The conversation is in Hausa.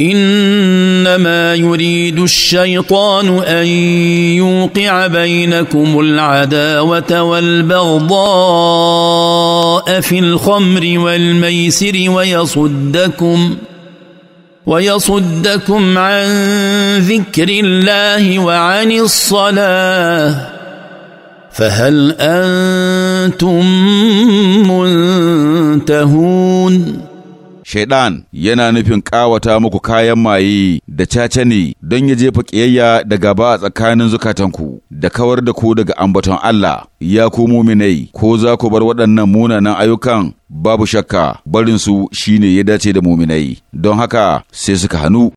انما يريد الشيطان ان يوقع بينكم العداوه والبغضاء في الخمر والميسر ويصدكم ويصدكم عن ذكر الله وعن الصلاه فهل انتم منتهون Shaiɗan yana nufin ƙawata muku kayan maye da caca ne don ya jefa ƙiyayya da gaba a tsakanin zukatanku da kawar da ku daga ambaton Allah, ya ku muminai, ko za ku bar waɗannan munanan ayyukan babu shakka barinsu ne ya dace da muminai, don haka sai suka hannu.